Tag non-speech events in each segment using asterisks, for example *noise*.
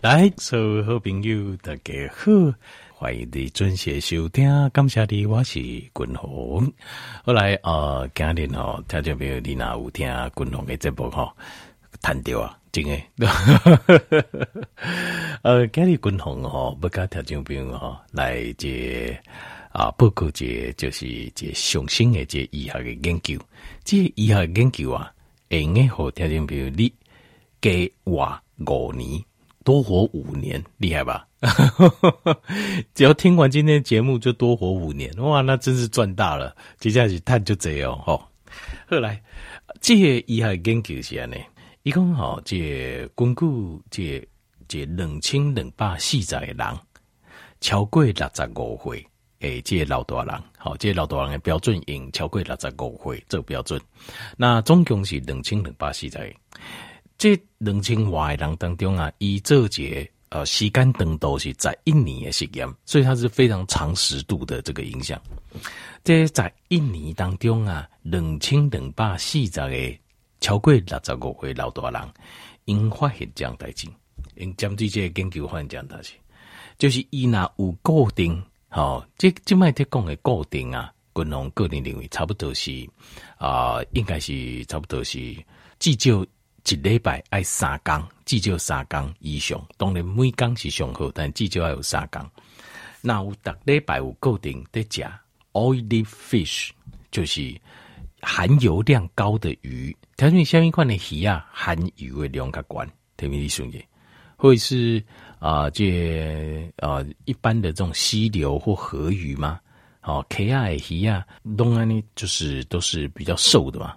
來，所有好朋友，大家好，歡迎你準時收聽。感謝你，我是軍紅。後來啊、呃，今天哦，聽眾朋友你若有聽軍紅的節目哈、哦，談掉啊，真的 *laughs* 呃，今日軍紅哦，不跟聽眾朋友哦來這啊，報告這就是這上升的這醫、個、學的研究，這醫、個、學研究啊，下年好，聽眾朋友你加活五年。多活五年，厲害吧？ *laughs* 只要聽完今天節目，就多活五年。哇，那真是賺大了！接下去他就這樣。後來，這些醫學研究下呢，一共好這公、個、顧這個、這兩千兩百四十個人，超過六十五歲誒，這個老大人好，這個、老大人的標準用超過六十五歲這個標準，那總共是兩千兩百四十個人。這兩千多萬人當中啊，伊做一個呃時間長度是十一年嘅實驗，所以它是非常長時度的這個影響。這十一年當中啊，兩千兩百四十個超過六十五歲老大人，因發現障代誌，因針對這個研究發現代誌，就是就是伊若有固定，好，哦，這這賣鐵講嘅固定啊，金融固定認為差不多是啊，呃，應該是差不多是至少，一禮拜要三天，至少三天以上。當然，每天是最好，但至少要有三天。那有每禮拜有固定的吃 oily fish，就是含油量高的魚。啥米款的魚啊，含油量較高。會是啊這啊一般的這種溪流或河魚嗎？哦、的魚啊，呢就是都是比較瘦的嘛。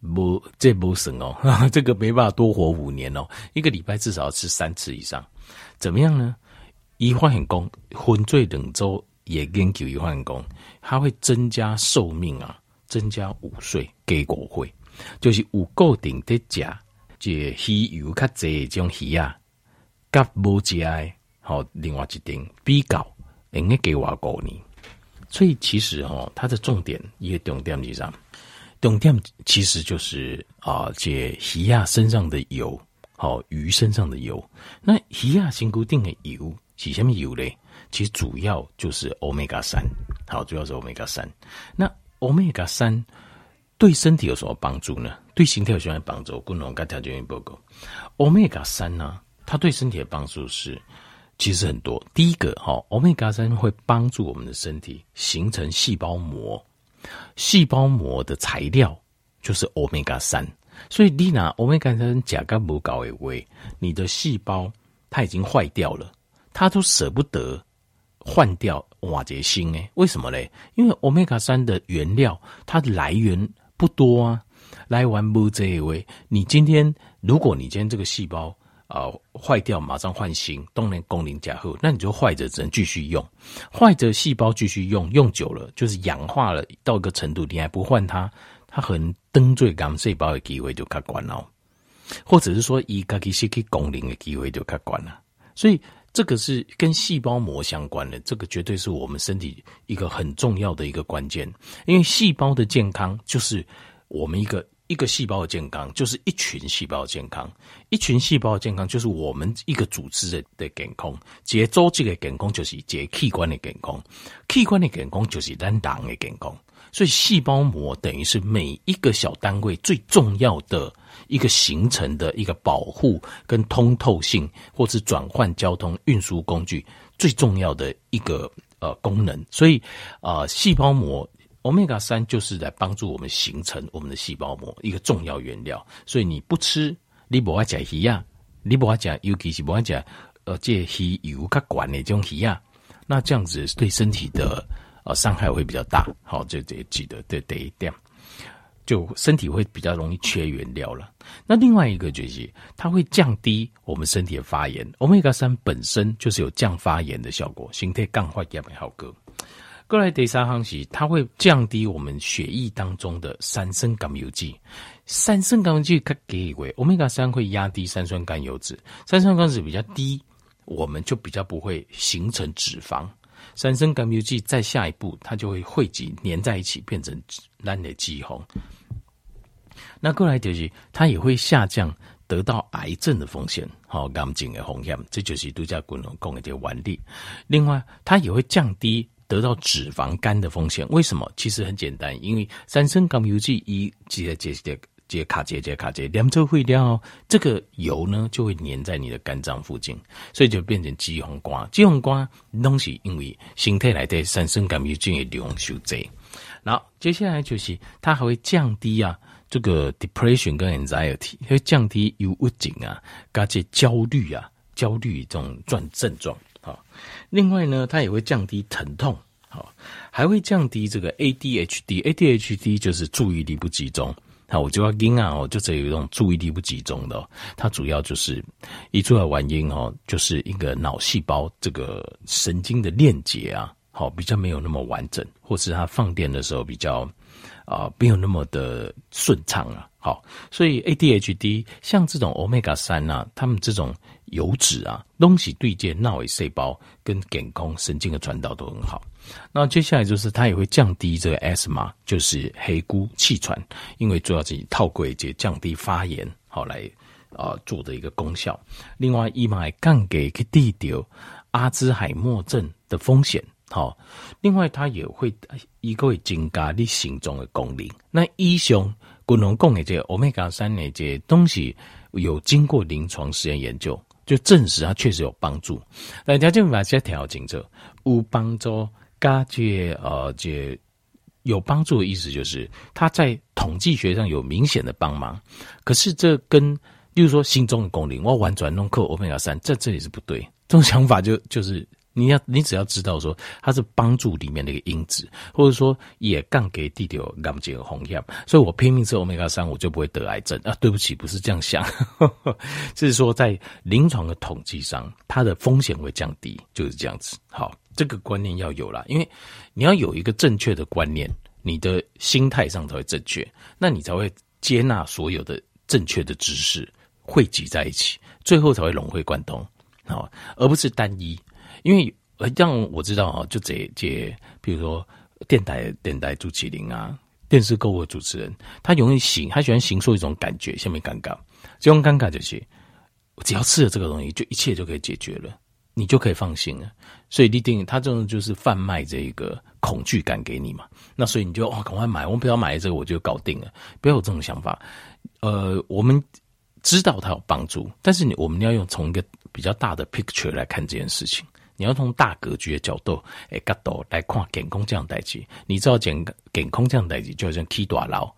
不，這不算哦哈哈，這個沒辦法多活五年哦。一個禮拜至少要吃三次以上，怎麼樣呢？伊發現講分做兩周也跟伊發現講他會增加壽命啊，增加五歲，結果會就是有固定、就是、有的價，這魚油較有卡這種魚啊，甲無食哀，吼、哦。另外一頂比較會加活五年。所以其實吼、哦，它的重點一個重點是啥？重點其實就是啊，解西亞身上的油，好、哦、魚身上的油。那西亞新固定的油。其什麼油呢？其實主要就是歐米伽三，好，主要是歐米伽三。那歐米伽三對身體有什麼幫助呢？對心跳有什麼幫助？我不能跟調節員報告。歐米伽三呢，它對身體的幫助是其實很多。第一個哈，歐米伽三會幫助我們的身體形成細胞膜。細胞膜的材料就是歐米伽三，所以你拿歐米伽三甲肝不夠的話，你的細胞它已經壞掉了，它都捨不得換掉瓦解星。哎，為什麼呢？因為歐米伽三的原料它的來源不多啊，來完不這一位你今天如果你今天這個細胞。啊、呃，壞掉馬上換新，當然工齡加厚。那你就壞着只能繼續用，壞着細胞繼續用，用久了就是氧化了到一個程度，你還不換它，它可能登最幹細胞的機會就卡關了，或者是說以卡起失去工齡的機會就卡關了。所以這個是跟細胞膜相關的，這個絕對是我們身體一個很重要的一個關鍵，因為細胞的健康就是我們一個。一個細胞的健康就是一群細胞的健康，一群細胞的健康就是我們一個組織的的健康。結組織的健康就是結器官的健康，器官的健康就是單檔的健康。所以，細胞膜等於是每一個小單位最重要的一個形成的一個保護跟通透性，或是轉換交通運輸工具最重要的一個呃功能。所以，啊，細胞膜。歐米伽三就是來幫助我們形成我們的細胞膜一個重要原料，所以你不吃，你不愛吃魚啊，你不愛吃尤其是吃，是不愛吃呃這些、個、魚油較管的這種魚啊，那這樣子對身體的呃傷害會比較大，好，這得記得，對對這樣，就身體會比較容易缺原料了。那另外一個就是，它會降低我們身體的發炎。歐米伽三本身就是有降發炎的效果，形態硬化也比好個。過來第三項是，它會降低我們血液當中的三酸甘油酯。三酸甘油酯，它給為歐米伽三會壓低三酸甘油酯。三酸甘油酯比較低，我們就比較不會形成脂肪。三酸甘油酯再下一步，它就會匯集粘在一起，變成那的脂肪。那過來就是它也會下降，得到癌症的風險，好癌症的風險，這就是杜家棍龍講的這原理。另外，它也會降低。得到脂肪肝的風險，為什麼？其實很簡單，因為三生甘油酯一結結結結卡結結卡結，兩周會掉這個油呢，就會粘在你的肝臟附近，所以就變成脂肪肝。脂肪肝都是因為新陳代謝產生甘油酯也容易受罪。然後接下來就是它還會降低啊這個 depression 跟 anxiety，會降低憂鬱症啊，加這焦慮啊，焦慮這種狀症狀。啊，另外呢，它也會降低疼痛，還會降低這個 ADHD，ADHD ADHD 就是注意力不集中。好，我就要音啊，我就這、是、有一種注意力不集中的，它主要就是一出來玩音哦，就是一個腦細胞這個神經的鏈接啊，好，比較沒有那麼完整，或是它放電的時候比較啊、呃、沒有那麼的順暢啊，好，所以 ADHD 像這種 Omega 三呢、啊，他們這種。油脂啊，東西對健腦細胞跟感官神經的傳導都很好。那接下來就是它也會降低這個 asthma，就是黑咕氣喘，因為主要是透過一些降低發炎，好來啊、呃、做的一個功效。另外，一買降低去治療阿茲海默症的風險，好。另外，它也會一個會增加你心臟的功能。那以上，我攏講的這歐米伽三那些東西有經過臨床實驗研究。就證實他確實有幫助，那條件反射調整者無幫助，感覺呃，這有幫助的意思就是他在統計學上有明顯的幫忙。可是這跟，例如說心中的公理，我玩轉動刻歐米伽三，這這也是不對，這種想法就就是。你要，你只要知道說它是幫助裡面的一個因子，或者說也干給弟弟干幾個紅藥，所以我拼命吃歐米伽三，我就不會得癌症。啊，對不起，不是這樣想，呵呵。是說在臨床的統計上，它的風險會降低，就是這樣子。好，這個觀念要有了，因為你要有一個正確的觀念，你的心態上才會正確，那你才會接納所有的正確的知識匯集在一起，最後才會融會貫通，好，而不是單一。因為讓我知道啊，就這這，比如說電台電台主持人啊，電視購物的主持人，他容易行，他喜歡形塑一種感覺，下面尷尬，這種尷尬就是，我只要吃了這個東西，就一切就可以解決了，你就可以放心了。所以立定他這種就是販賣這個恐懼感給你嘛，那所以你就哦趕快買，我不要買了這個，我就搞定了，不要有這種想法。呃，我們知道他有幫助，但是你我們要用從一個比較大的 picture 來看這件事情。你要從大格局的角度，誒，角度來看健康這樣代志，你知道健健康這樣代志就好像砌大樓，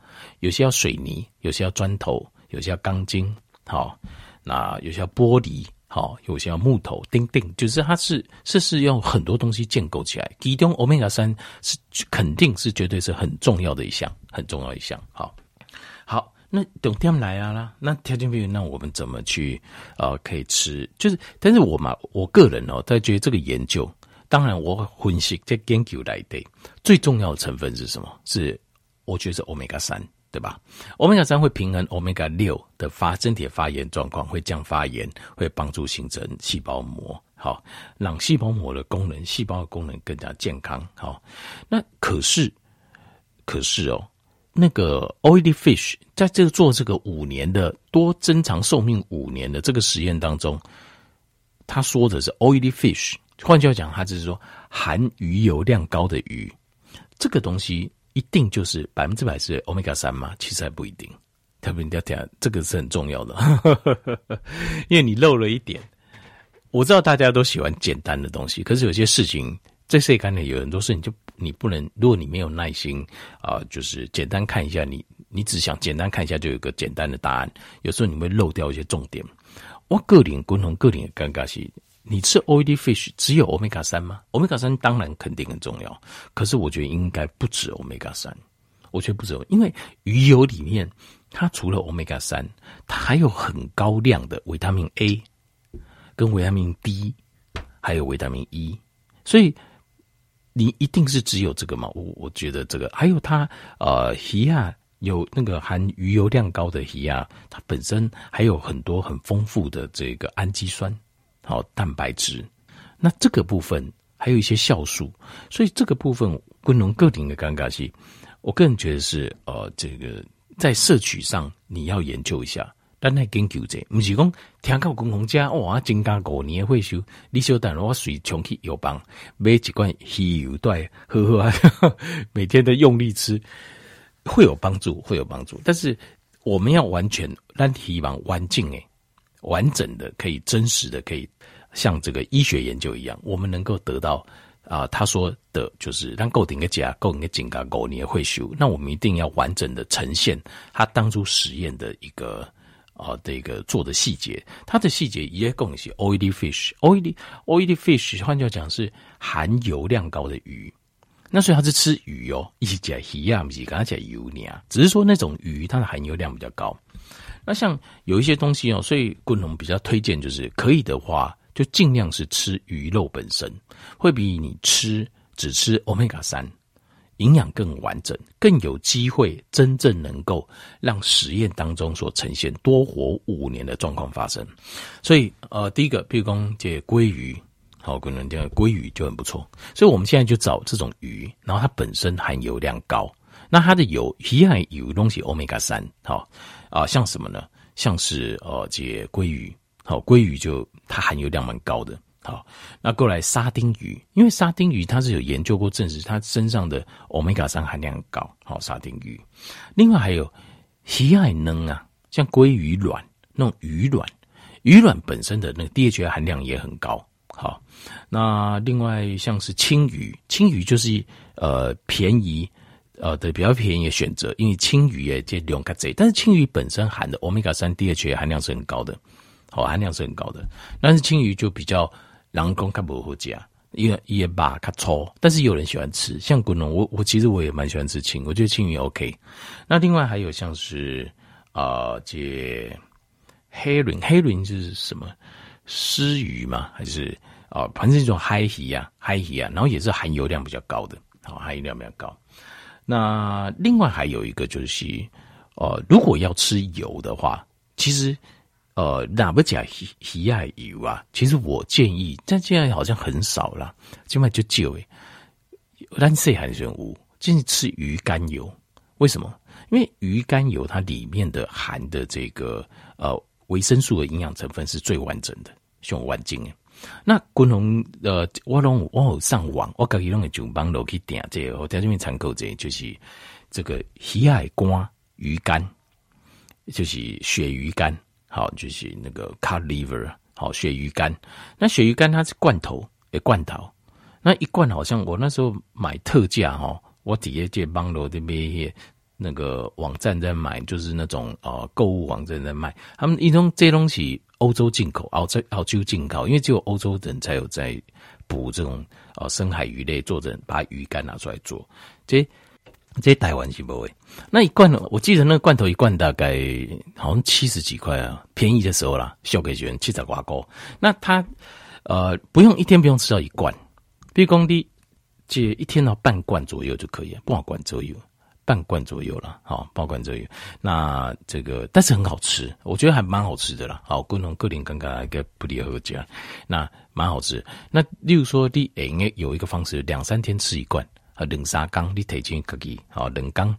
有些要水泥，有些要磚頭，有些要鋼筋，好，那有些要玻璃，好，有些要木頭釘釘，就是它是是是用很多東西建構起來，其中歐米伽三是肯定是絕對是很重要的一項，很重要的一項，好，好。那等他們來啊啦，那條件不允許，那我們怎麼去啊、呃？可以吃，就是但是我嘛，我個人哦，在覺得這個研究，當然我分析這堅果來對，最重要的成分是什麼？是我覺得是歐米伽三，對吧？歐米伽三會平衡歐米伽六的發身體發炎狀況，會降發炎，會幫助形成細胞膜，好讓細胞膜的功能，細胞的功能更加健康。好，那可是可是哦。那個 Oily Fish 在這個做這個五年的多增長壽命五年的這個實驗當中，他說的是 Oily Fish，換句話講，他就是說含魚油量高的魚，這個東西一定就是百分之百是 Omega 三嗎？其實還不一定。特別你要聽、啊，這個是很重要的， *laughs* 因為你漏了一點。我知道大家都喜歡簡單的東西，可是有些事情在這一方面有很多事情就。你不能，如果你沒有耐心啊、呃，就是簡單看一下你，你你只想簡單看一下，就有個簡單的答案，有時候你會漏掉一些重點。我個人跟從個人的尷尬是，你吃 oily fish 只有 Omega 三嗎？Omega 三當然肯定很重要，可是我覺得應該不止 Omega 三。我覺得不止，因為魚油裡面它除了 Omega 三，它還有很高量的維他命 A 跟維他命 D，還有維他命 E，所以。你一定是只有這個嗎？我我覺得這個還有它，呃，魚啊，有那個含魚油量高的魚啊，它本身還有很多很豐富的這個氨基酸，好、哦、蛋白質。那這個部分還有一些酵素，所以這個部分歸農個體的尷尬期，我個人覺得是呃，這個在攝取上你要研究一下。咱來研究一下，不是講聽到公公家哇，金剛五年會修，你小弟我隨從去藥房買一罐稀油袋喝喝，每天的用力吃會有幫助，會有幫助。但是我們要完全讓稀油完盡誒，完整的可以真實的可以像這個醫學研究一樣，我們能夠得到啊、呃，他說的就是讓狗頂個家，狗個金剛五年會修，那我們一定要完整的呈現他當初實驗的一個。啊、哦，這個做的細節，它的細節也共是 oily fish，oily, oily fish，換句話講是含油量高的魚，那所以它是吃魚哦，一些魚啊，一些跟起來油呢，只是說那種魚它的含油量比較高。那像有一些東西哦，所以顧龍比較推薦就是可以的話，就儘量是吃魚肉本身，會比你吃只吃歐米伽三。營養更完整，更有機會真正能夠讓實驗當中所呈現多活五年的狀況發生。所以，呃，第一個，譬如講這鮭魚，好、哦，可能這些鮭魚就很不錯。所以，我們現在就找這種魚，然後它本身含油量高，那它的油皮樣有東西歐米伽三，好啊、哦呃，像什麼呢？像是呃，這鮭魚，好、哦，鮭魚就它含油量蠻高的。好，那過來沙丁魚，因為沙丁魚它是有研究過證實，它身上的歐米伽三含量很高。好，沙丁魚，另外還有西海能啊，像鮭魚卵，那種魚卵，魚卵本身的那個 DHA 含量也很高。好，那另外像是青魚，青魚就是呃便宜，呃對，比較便宜的選擇，因為青魚也這兩個賊，但是青魚本身含的歐米伽三 DHA 含量是很高的，好含量是很高的，但是青魚就比較。狼公它不和家，因為它的肉比較臭，但是有人喜歡吃，像滾龍，我我其實我也蠻喜歡吃青，我覺得青魚 OK。那另外還有像是啊、呃、這黑鱗，黑鱗就是什麼？鰤魚嘛，還是啊、呃？反正是一種海魚啊，海魚啊，然後也是含油量比較高的，好，含油量比較高。那另外還有一個就是，呃，如果要吃油的話，其實。呃，哪不假喜喜愛油啊？其實我建議，但現在好像很少啦，起碼就誒，但是還是有，建議吃魚肝油。為什麼？因為魚肝油它裡面的含的這個呃維生素的營養成分是最完整的，最完整。那我攏呃，我攏我有上網，我搞伊攏個就網樓去訂這個，我在這邊參考這個，就是這個喜愛肝魚肝，就是鱈魚肝。好，就是那個 cod liver 好，鱈魚肝。那鱈魚肝它是罐頭，誒，罐頭，那一罐好像我那時候買特價哈、哦，我底下借幫羅那邊一些那個網站在買，就是那種呃購物網站在賣。他們一種這東西歐洲進口，澳洲澳洲進口，因為只有歐洲人才有在捕這種啊、呃、深海魚類，做成把魚肝拿出來做。這這台灣是無的。那一罐呢，我記得那個罐頭一罐大概好像七十幾塊啊，便宜的時候啦，小費券七彩掛鈎。那它，呃，不用一天不用吃到一罐，比如講你，借一天到半罐左右就可以了，半罐左右，半罐左右了，好、哦，半罐左右。那這個，但是很好吃，我覺得還蠻好吃的啦。好，各種各點尷尬，該不離不棄啊。那蠻好吃。那例如說你誒，應該有一個方式，兩三天吃一罐，啊，兩三缸你推薦可以，好，兩缸。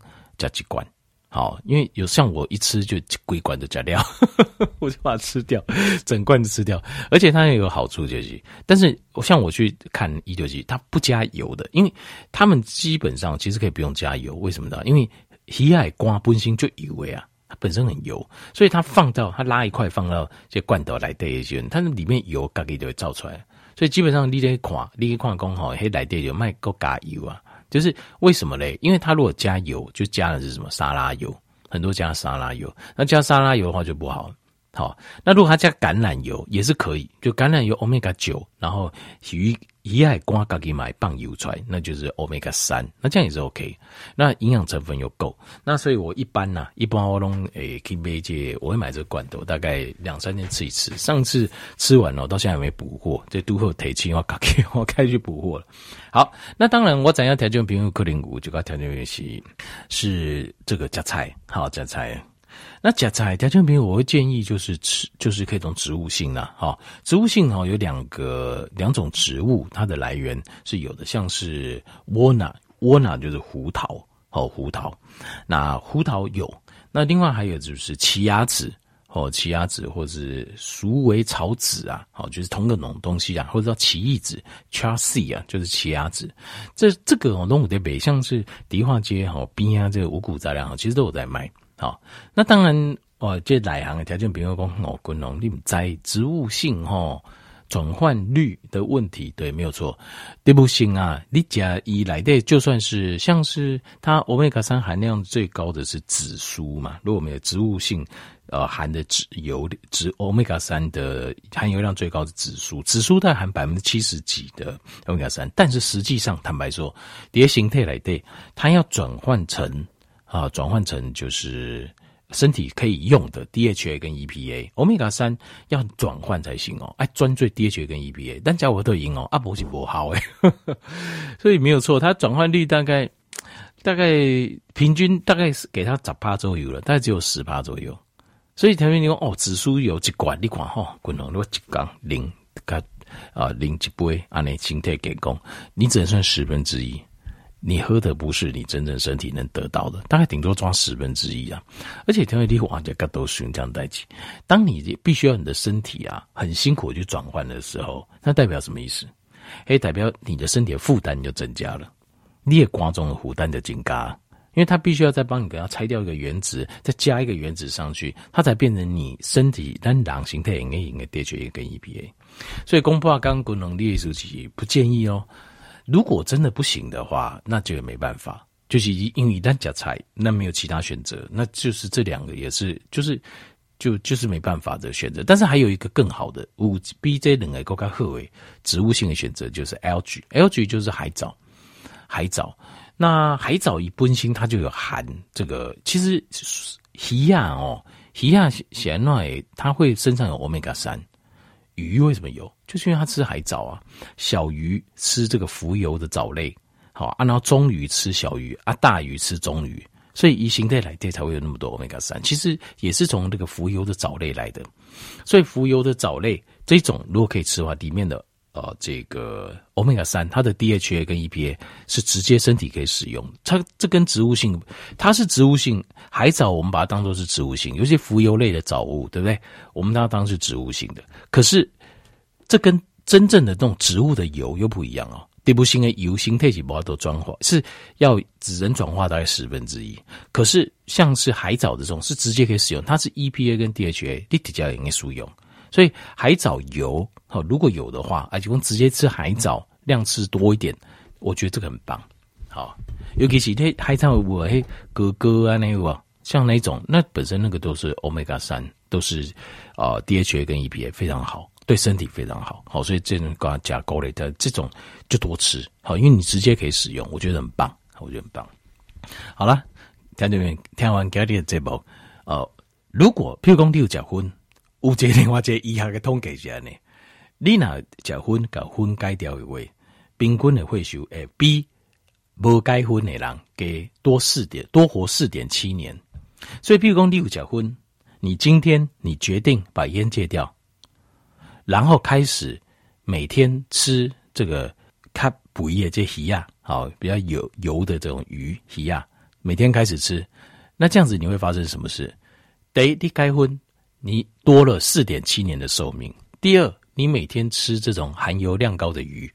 加幾罐，好，因為有像我一吃就規罐的加料， *laughs* 我就把它吃掉，整罐子吃掉。而且它也有好處就是，但是像我去看一六七，它不加油的，因為他們基本上其實可以不用加油，為什麼呢？因為喜愛瓜本身就油啊，它本身很油，所以它放到它拉一塊放到這罐頭來帶一些，它那裡面的油咖給就會造出來，所以基本上你這一塊，這一塊工好，嘿，來這就賣夠加油啊。就是為什麼嘞？因為他如果加油，就加的是什麼沙拉油，很多加沙拉油。那加沙拉油的話就不好。好、哦，那如果他加橄欖油也是可以，就橄欖油 omega 九，然後魚魚海瓜自己買棒油出來，那就是 omega 三，那這樣也是 OK。那營養成分又夠，那所以我一般呢、啊，一般我攏誒去買這個、我會買這個罐頭，大概兩三天吃一次。上次吃完了，到現在還沒補貨，這都後天氣要搞起我開始補貨了。好，那當然我想要調節平衡克林骨，就該調節是是這個加菜，好加菜。那甲菜、甲江平，我會建議就是吃，就是可以種植物性啦、啊、哈，植物性哈，有兩個兩種植物，它的來源是有的，像是窩囊，窩囊就是胡桃，哦，胡桃，那胡桃有，那另外還有就是奇亞籽，哦，奇亞籽或是鼠尾草籽啊，哦，就是同個種東西啊，或者叫奇異籽，charcy 啊，就是奇亞籽，這這個哦，龍得台北像是迪化街哈濱江啊，這個五穀雜糧啊，其實都有在賣。好、哦，那當然，哦，這奶行的條件？比如說哦，國龍你在植物性哦，轉換率的問題，對，沒有錯。對不行啊，你加一來的，就算是像是它歐米伽三含量最高的是紫蘇嘛？如果沒有植物性，呃，含的脂油脂歐米伽三的含油量最高的紫蘇，紫蘇它含百分之七十幾的歐米伽三，但是實際上坦白說，第二形態來的，它要轉換成。啊，轉換成就是身體可以用的 DHA 跟 EPA，歐米伽三要轉換才行哦。哎，專注 DHA 跟 EPA，但要我都贏哦，啊，不是不好哎， *laughs* 所以沒有錯，它轉換率大概大概平均大概是給它十趴左右了，大概只有十趴左右。所以條目你說哦，紫蘇有一罐，你看哈，滾哦，如果一缸零個啊零幾杯，阿你今天給工，你只能算十分之一。你喝的不是你真正身體能得到的，大概頂多抓十分之一啊。而且天熱天火啊，這各都是循漿代謝。當你必須要你的身體啊很辛苦去轉換的時候，那代表什麼意思？哎，代表你的身體的負擔就增加了，你也刮中了負擔的警戒，因為它必須要再幫你給它拆掉一個原子，再加一個原子上去，它才變成你身體單氧形態應該應該跌去一個跟 EPA。所以公婆剛剛骨能力時期不建議哦。如果真的不行的話，那就也沒辦法。就是因為一旦加菜，那沒有其他選擇，那就是這兩個也是，就是就就是沒辦法的選擇。但是還有一個更好的，有比這兩個更好的植物性的選擇，就是 algae，algae 就是海藻。海藻那海藻一更新，它就有含這個，其實亞哦、喔，亞咸鮮卵，它會身上有 omega 三。魚為什麼有，就是因為它吃海藻啊。小魚吃這個浮游的藻類，好啊，然後中魚吃小魚啊，大魚吃中魚，所以以形態來，這才會有那麼多歐米伽三。其實也是從這個浮游的藻類來的。所以浮游的藻類這種，如果可以吃的話，裡面的。啊、哦，這個歐米伽三，它的 DHA 跟 EPA 是直接身體可以使用的。它這跟植物性，它是植物性海藻，我們把它當做是植物性，有些浮游類的藻物，對不對？我們把它當作是植物性的。可是這跟真正的那種植物的油又不一樣哦。植物性的油，形態細胞都轉化是要只能轉化大概十分之一。可是像是海藻的這種是直接可以使用，它是 EPA 跟 DHA 立體加應該輸用。所以海藻油，好，如果有的話，而且講直接吃海藻，量吃多一點，我覺得這個很棒，好。尤其是那海藻，我嘿，蛤蛤啊那個，像那種，那本身那個都是 omega 三，都是啊 DHA 跟 EPA 非常好，對身體非常好，好。所以這種加高類的這種就多吃，好，因為你直接可以使用，我覺得很棒，我覺得很棒。好了，聽到這邊聽完今天的節目，哦、呃，如果譬如講你要假婚，有我這另外這醫學的統計上呢，你若戒婚甲婚改掉的話，平均的會數會比無戒婚的人給多四點多活四點七年。所以譬如講你有戒婚，你今天你決定把煙戒掉，然後開始每天吃這個卡補葉這魚啊，好比較有油，油的這種魚魚啊，每天開始吃，那這樣子你會發生什麼事？第一 y 你戒婚。你多了四點七年的壽命。第二，你每天吃這種含油量高的魚，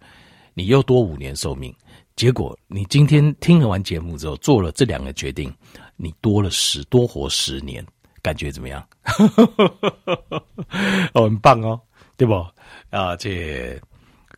你又多五年壽命。結果，你今天聽了完節目之後，做了這兩個決定，你多了十，多活十年，感覺怎麼樣？哦，很棒哦，對不？啊，這。